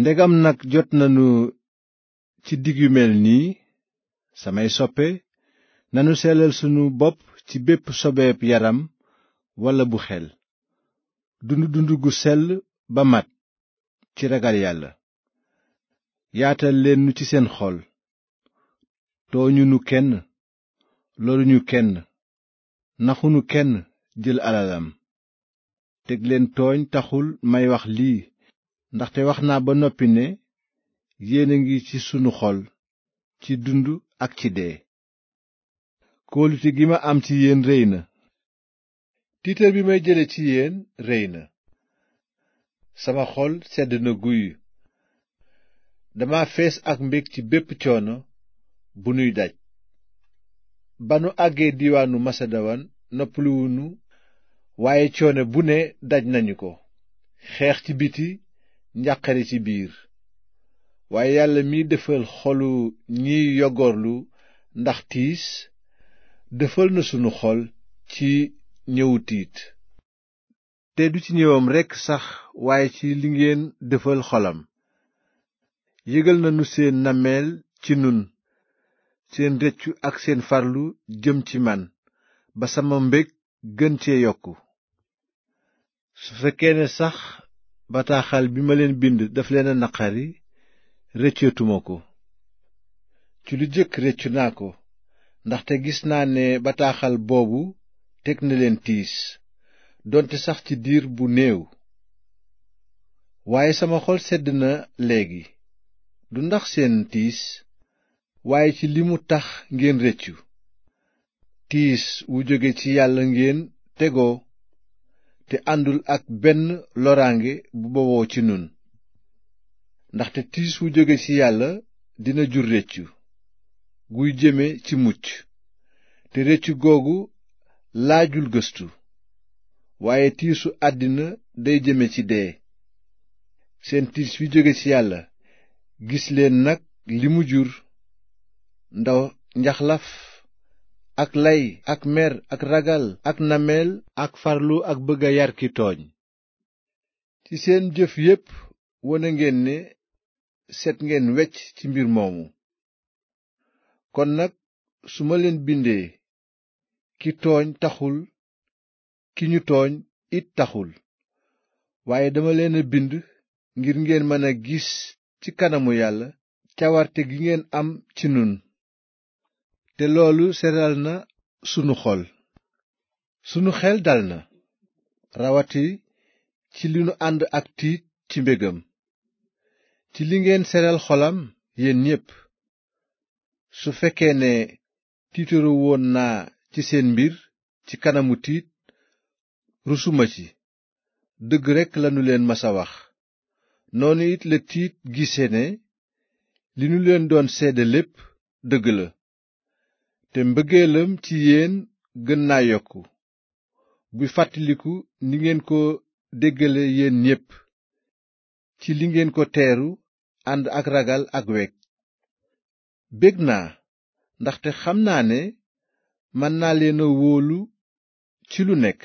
ndegam nag jot nanu ci dig mel nii samay soppe nanu sellal sunu bopp ci bépp sobeeb yaram walla bu xel dund dund gu sell ba mat ci ragal yàlla yaatal leen nu ci seen xol tooñu nu kenn loolu ñu kenn naxu nu kenn jël alalam teg leen tooñ taxul may wax lii ndaxte wax naa ba noppi ne yéen ngi ci sunu xol ci dund ak ci dee kóolute gi ma am ci yéen réy na tiitër bi may jële ci yéen réy na sama xol sedd na guy dama fees ak mbég ci bépp coono bu nuy daj ba nu àggee diiwaanu masedowan noppaluwunu waaye coono bu ne daj nañu ko xeex ci biti njàqare ci biir waaye yàlla mi defal xolu ñiy yogorlu ndax tiis defal na sunu xol ci ñëwu tiit te du ci ñëwam rekk sax waaye ci li ngeen defal xolam yëgal nanu seen nammeel ci nun seen rëccu ak seen farlu jëm ci man ba sama mbég gën cee yokku bataaxal bi ma leen bind daf leen a naqari rëcceetuma ko ci lu jëkk rëccu naa ko ndaxte gis naa ne bataaxal boobu teg na leen tiis doonte sax ci diir bu néew waaye sama xol sedd na léegi du ndax seen tiis waaye ci li mu tax ngeen rëccu tiis wu jóge ci yàlla ngeen tegoo te àndul ak benn loraange bu bawoo ci nun ndaxte tiis wu jóge ci yàlla dina jur réccu guy jëme ci mucc te réccu googu laajul gëstu waaye tiisu àddina day jëme ci dee seen tiis wi jóge ci yàlla gis leen nag li mu jur ndaw njaxlaf ak lay ak ragal ak nameel ak farlu ak bëgg a tooñ ci seen jëf yépp wone ngeen ne seet ngeen wecc ci mbir moomu kon nag su ma leen bindee ki tooñ taxul ki ñu tooñ it taxul waaye dama leen a bind ngir ngeen mën a gis ci kanamu yàlla cawarte gi ngeen am ci nun te loolu seral na sunu xol sunu xel dal na rawati ci li nu ànd ak tiit ci mbégam ci li ngeen seral xolam yéen ñépp su fekkee ne tiitaru woon naa ci seen mbir ci kanamu tiit rusuma ci dëgg rekk lanu leen masa wax noonu it la tiit gise ne li nu leen doon sedd lépp dëgg la te mbëggeelam ci yéen gën na yokku buy fàttaliku ni ngeen ko déggale yéen ñépp ci li ngeen ko teeru ànd ak ragal ak weg bég naa ndaxte xam naa ne mën naa leen a wóolu ci lu nekk